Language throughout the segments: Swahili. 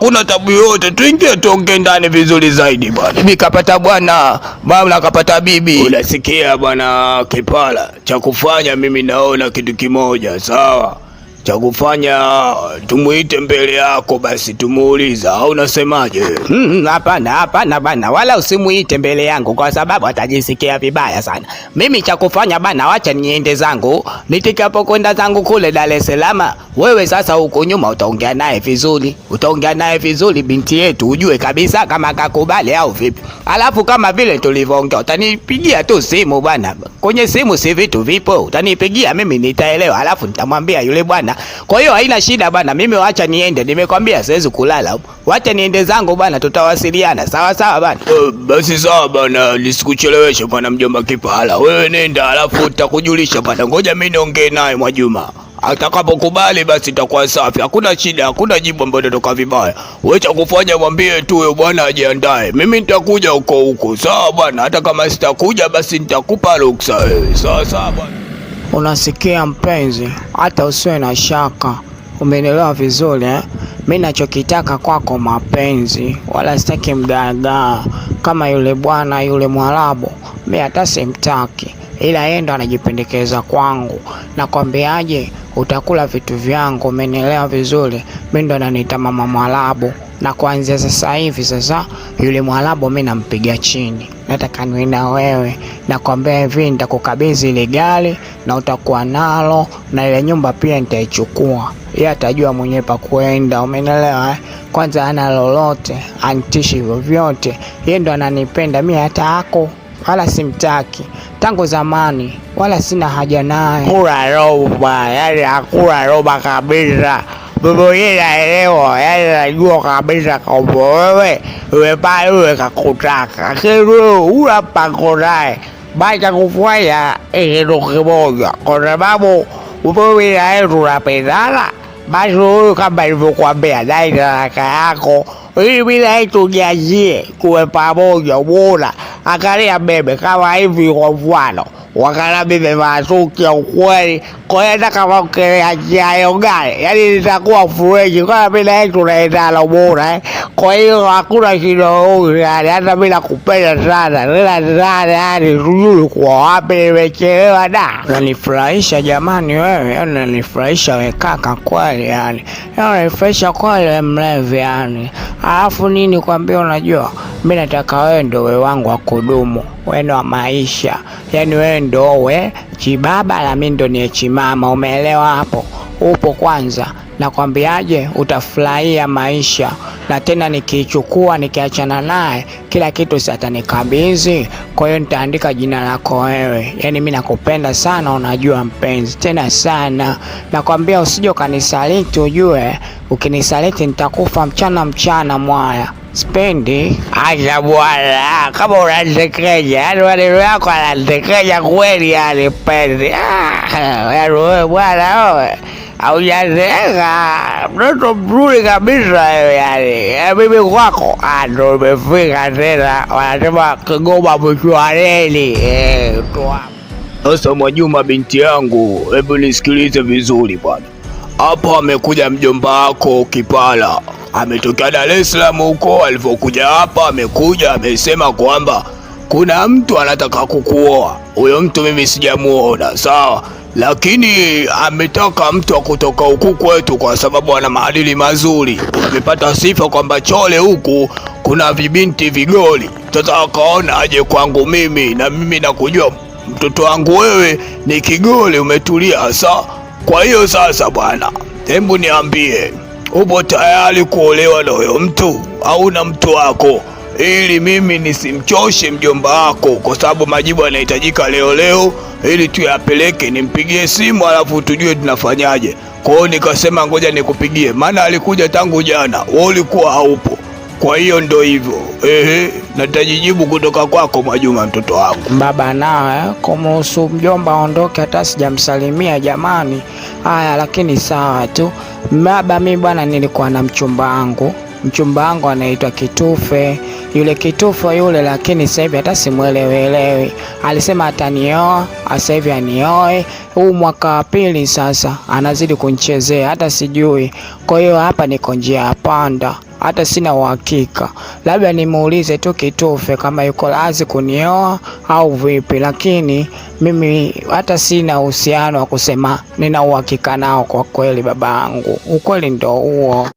hakuna tabu yote, tuingie tuongee ndani vizuri zaidi bwana. Bibi kapata bwana, bwana kapata bibi. Unasikia bwana Kipala, cha kufanya mimi naona kitu kimoja, sawa cha kufanya tumuite mbele yako, basi tumuuliza, au unasemaje? Hmm, hapana, mm, hapana bana, wala usimuite mbele yangu kwa sababu atajisikia vibaya sana. Mimi cha kufanya bana, wacha niende zangu, nitikapokwenda zangu kule Dar es Salaam, wewe sasa huko nyuma utaongea naye vizuri, utaongea naye vizuri binti yetu, ujue kabisa kama akakubali au vipi. Alafu kama vile tulivyoongea, utanipigia tu simu bana, kwenye simu si vitu vipo, utanipigia mimi nitaelewa, alafu nitamwambia yule bwana kwa hiyo haina shida bana, mimi wacha niende, nimekwambia siwezi kulala, wacha niende zangu bana, tutawasiliana sawa sawa bana. Uh, basi sawa bana, nisikucheleweshe bana. Mjomba Kipala, wewe nenda, alafu utakujulisha bana. Ngoja mimi niongee naye Mwajuma atakapokubali basi itakuwa safi, hakuna shida, hakuna jibu ambalo litatoka vibaya. Wewe cha kufanya mwambie tu huyo bwana ajiandae, mimi nitakuja huko huko, sawa bwana. Hata kama sitakuja basi nitakupa ruksa, sawa sawa bwana. Unasikia mpenzi, hata usiwe na shaka, umenielewa vizuri eh? Mi nachokitaka kwako mapenzi, wala sitaki mgaagaa kama yule bwana yule Mwarabu. Mi hata simtaki, ila yeye ndo anajipendekeza kwangu. Nakwambiaje, utakula vitu vyangu, umenielewa vizuri? Mi ndo ananiita mama Mwarabu, na kuanzia sasa hivi sasa yule Mwarabu mi nampiga chini nataka niwe na wewe, nakwambia hivi, nitakukabidhi ile gari na utakuwa nalo, na ile nyumba pia nitaichukua. Yeye atajua mwenyewe pa kuenda, umenelewa eh? Kwanza ana lolote anitishi hivyo vyote, yeye ndo ananipenda mimi, hata ako wala simtaki tangu zamani, wala sina haja naye. Kula roba, yani hakula roba kabisa. 僕以เね、我やらごはめさこぼれ、上ば上かこมかける、うらぱこな้ばちゃこふわや、えへのけぼうや、こればも、うぼみらえるらぺなら。บ้านรู้คำเปงนบุความเบียดได้ราคาโกเฮ้ยไม่ได้ตุนยาจีกูเป็นปาโมอย่าโว้ล่ะอาการที่ทำเบรคเข้าไว้มีความหวานหรอก wakala mimi ya ukweli. Kwa hiyo hata kama ukielea njia hiyo gani, yaani nitakuwa mfereji kama mi nae tunaendana bora. Eh? Kwa hiyo hakuna shida yoyote, yani hata mi nakupenda sana tena sana, yani sijui kwa wapi nimechelewa. Da, unanifurahisha jamani wewe, yani unanifurahisha we kaka kweli, yani yaani unanifurahisha kweli we mlevi yani. Alafu nini kwambia, unajua mi nataka wewe ndo we wangu wa kudumu, weno wa maisha, yani wewe mendo we chibaba na mi ndo niye chimama. Umeelewa hapo? Upo kwanza, nakwambiaje, utafurahia maisha na tena nikiichukua nikiachana naye kila kitu satanikabidhi. Kwa hiyo nitaandika jina lako wewe. Yaani mi nakupenda sana, unajua mpenzi, tena sana. Nakwambia usije ukanisaliti, ujue ukinisaliti nitakufa mchana mchana mwaya. Sipendi acha bwana, ah, kama unanitekeja yani, maneno yako ananitekeja kweli yani, pendi ah, yani wewe bwana, wewe haujazeeka, mtoto mzuri kabisa wewe yani. Eh, mimi kwako ah, ndo imefika tena, wanasema Kigoma mchwareli. Eh, Sasa Mwajuma, binti yangu, hebu nisikilize vizuri bwana. Hapa amekuja mjomba wako Kipala ametokea Dar es Salaam huko, alivyokuja hapa amekuja amesema kwamba kuna mtu anataka kukuoa. Huyo mtu mimi sijamuona, sawa, lakini ametaka mtu wa kutoka huku kwetu kwa sababu ana maadili mazuri. Amepata sifa kwamba Chole huku kuna vibinti vigoli. Sasa akaona aje kwangu mimi, na mimi nakujua mtoto wangu wewe ni kigoli, umetulia. sawa. kwa hiyo sasa, bwana, hebu niambie upo tayari kuolewa na huyo mtu au na mtu wako, ili mimi nisimchoshe mjomba wako, kwa sababu majibu yanahitajika leo leo, ili tuyapeleke. Nimpigie simu alafu tujue tunafanyaje. Kwa hiyo nikasema ngoja nikupigie, maana alikuja tangu jana, wewe ulikuwa haupo. Kwa hiyo ndo hivyo ehe, natajijibu kutoka kwako Mwajuma, mtoto wangu. Baba naye kumhusu mjomba aondoke, hata sijamsalimia jamani. Haya, lakini sawa tu baba. Mi bwana, nilikuwa na mchumba wangu mchumba wangu anaitwa Kitufe, yule Kitufe yule, lakini sasa hivi hata simwelewelewi. Alisema atanioa, sasa hivi anioe, huu mwaka wa pili sasa, anazidi kunichezea hata sijui. Kwa hiyo hapa niko njia ya panda, hata sina uhakika, labda nimuulize tu Kitufe kama yuko lazi kunioa au vipi, lakini mimi hata sina uhusiano wa kusema nina uhakika nao. Kwa kweli, babangu, ukweli ndo huo.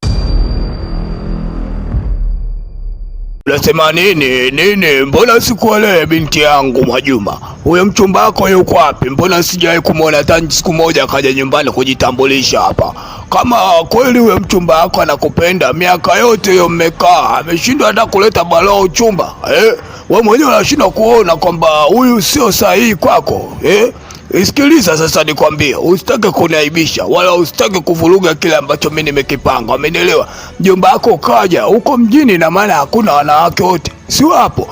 Unasema nini nini? Mbona sikuelewe binti yangu Mwajuma? Huyo mchumba wako yuko wapi? Mbona sijawahi kumwona hata siku moja akaja nyumbani kujitambulisha hapa? Kama kweli huyo mchumba wako anakupenda, miaka yote hiyo mmekaa, ameshindwa hata kuleta balaa uchumba eh? Wewe mwenyewe unashindwa kuona kwamba huyu sio sahihi kwako eh? Isikiliza sasa, nikwambie, usitake kuniaibisha wala usitake kuvuruga kile ambacho mimi nimekipanga, amenielewa? Mjomba wako kaja huko mjini, na maana hakuna wanawake wote si wapo.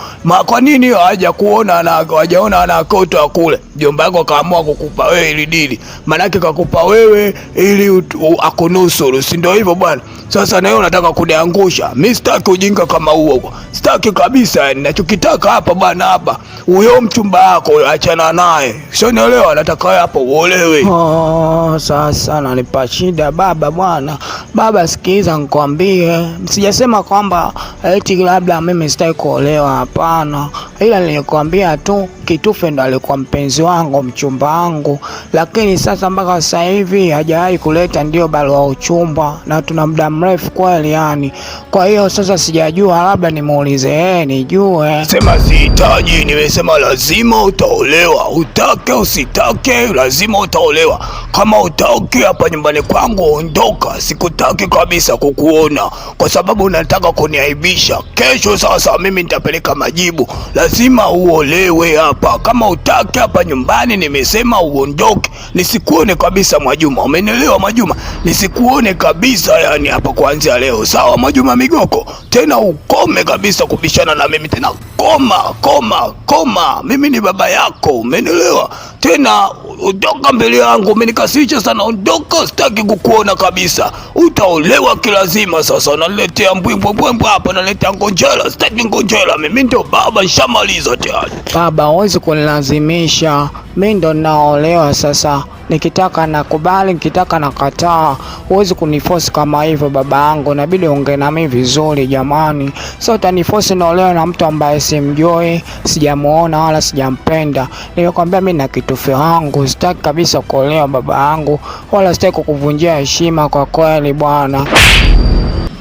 Kwa nini haja kuona na hajaona anakota kule, jomba yako kaamua kukupa wewe ili dili, maanake kakupa wewe ili akunusuru, si ndio hivyo bwana? Sasa na wewe unataka kuniangusha mimi, sitaki ujinga kama huo, sitaki kabisa. Yani nachokitaka hapa bwana, hapa huyo mchumba wako achana naye, sio nielewa, nataka wewe hapo uolewe. Oh, sasa nanipa shida baba, bwana baba, sikiza nikwambie, sijasema kwamba eti labda mimi sitaki kuolewa, hapana, ila nilikwambia tu Kitufe ndo alikuwa mpenzi wangu, mchumba wangu, lakini sasa mpaka sasa hivi hajawahi kuleta ndio barua uchumba, na tuna muda mrefu kweli yani. Kwa hiyo sasa sijajua, labda nimuulize yeye nijue. Sema sihitaji, nimesema lazima utaolewa, utake usitake, lazima utaolewa. Kama utaki hapa nyumbani kwangu, ondoka, sikutaki kabisa kukuona, kwa sababu unataka kuniaibisha. Kesho sasa mimi mimi nitapeleka majibu. Lazima uolewe hapa, kama utaki hapa nyumbani. Nimesema uondoke, nisikuone kabisa Mwajuma. Umenielewa Mwajuma? Nisikuone kabisa yani hapa kuanzia leo, sawa Mwajuma Migoko? Tena ukome kabisa kubishana na mimi tena, koma koma koma, mimi ni baba yako, umenielewa? Tena ondoka mbele yangu, umenikasirisha sana. Ondoka, sitaki kukuona kabisa. Utaolewa kilazima. Sasa naletea mbwimbwe mbwembwe hapa, naletea ngonjera, sitaki ngonjera njela, mimi ndio baba, nishamaliza tayari. Baba, huwezi kunilazimisha, mimi ndo naolewa sasa. Nikitaka nakubali, nikitaka nakataa. Huwezi kunifosi kama hivyo baba yangu, inabidi ongee na mimi vizuri jamani. Sasa utanifosi naolewa na mtu ambaye simjui, sijamuona wala sijampenda. Nimekwambia mimi na kitu changu, sitaki kabisa kuolewa baba yangu, wala sitaki kukuvunjia heshima kwa kweli bwana.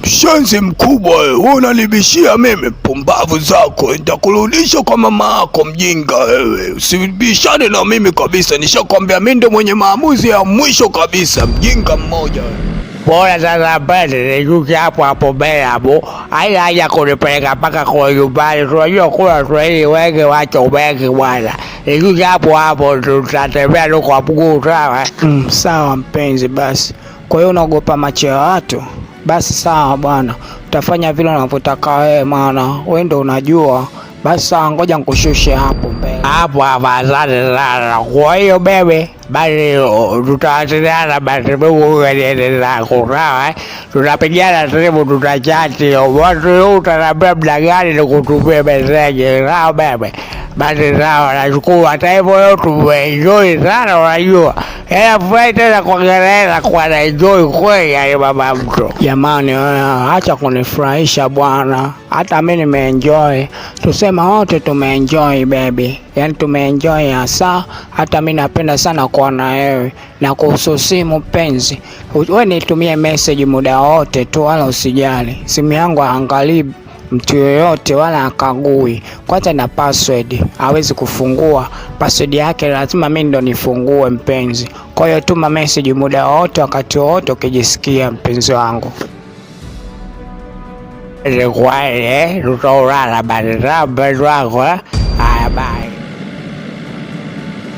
Shenzi mkubwa wewe, unanibishia mimi? Pumbavu zako, nitakurudisha kwa mama yako mjinga wewe. Usibishane na mimi kabisa, nishakwambia mimi ndo mwenye maamuzi ya mwisho kabisa, mjinga mmoja wewe. Bora sasa mbele nishuke hapo hapo mbele hapo, haina haja kunipeleka mpaka kwa nyumbani. Tunajua kuna Swahili wengi wacho wengi bwana, nishuke hapo hapo, tutatembea tu kwa mguu. Sawa mm, sawa mpenzi, basi. Kwa hiyo unaogopa macho ya watu? Basi sawa bwana, utafanya vile unavyotaka wewe, maana wewe ndio unajua. Basi sawa, ngoja nikushushe hapo mbele hapo hapa. Asante sana. Kwa hiyo bebe, basi tutawasiliana, basi kurawa eh? tutapigana simu, tutachati watu, utanambia muda gani nikutumie meseji. Sawa bebe basi sawa, nachukua. Hata hivyo leo tumeenjoy sana, unajua afurahi tena kuongelea kwa naenjoy kweli, yaani baba mtu, jamani, hacha eh, kunifurahisha bwana. Hata mi nimeenjoy, tusema wote tumeenjoy baby, yaani tumeenjoy hasa. Hata mi napenda sana na wewe. Na kuhusu simu penzi, we nitumie message muda wote tu, wala usijali, simu yangu haangalii mtu yoyote wala akagui. Kwanza na password hawezi kufungua password yake, lazima mimi ndo nifungue mpenzi. Kwa hiyo tuma message muda wote, wakati wote ukijisikia mpenzi wangu. Likwale tutaulala baiabewago ayaba.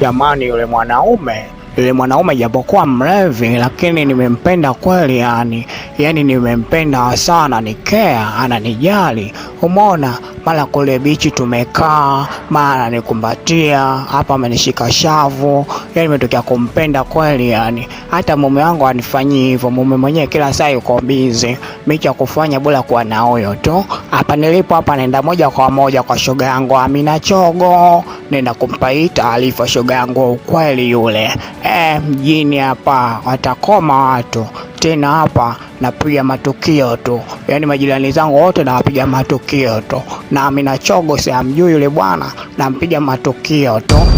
Jamani, yule mwanaume yule mwanaume japokuwa mlevi, lakini nimempenda kweli, yani yani nimempenda sana, nikea ananijali, umeona mara kule bichi tumekaa, mara anikumbatia hapa, amenishika shavu, yani imetokea kumpenda kweli. Yani hata mume wangu anifanyii hivyo, mume mwenyewe kila saa yuko bizi, cha kufanya bora kuwa na huyo tu. Hapa nilipo hapa, naenda moja kwa moja kwa shoga yangu Amina Chogo, nenda kumpa hii taarifa shoga yangu ukweli yule. Eh, mjini hapa watakoma watu tena hapa napiga matukio tu, yani majirani zangu wote nawapiga matukio tu na Amina Chogos amjui yule bwana, nampiga matukio tu.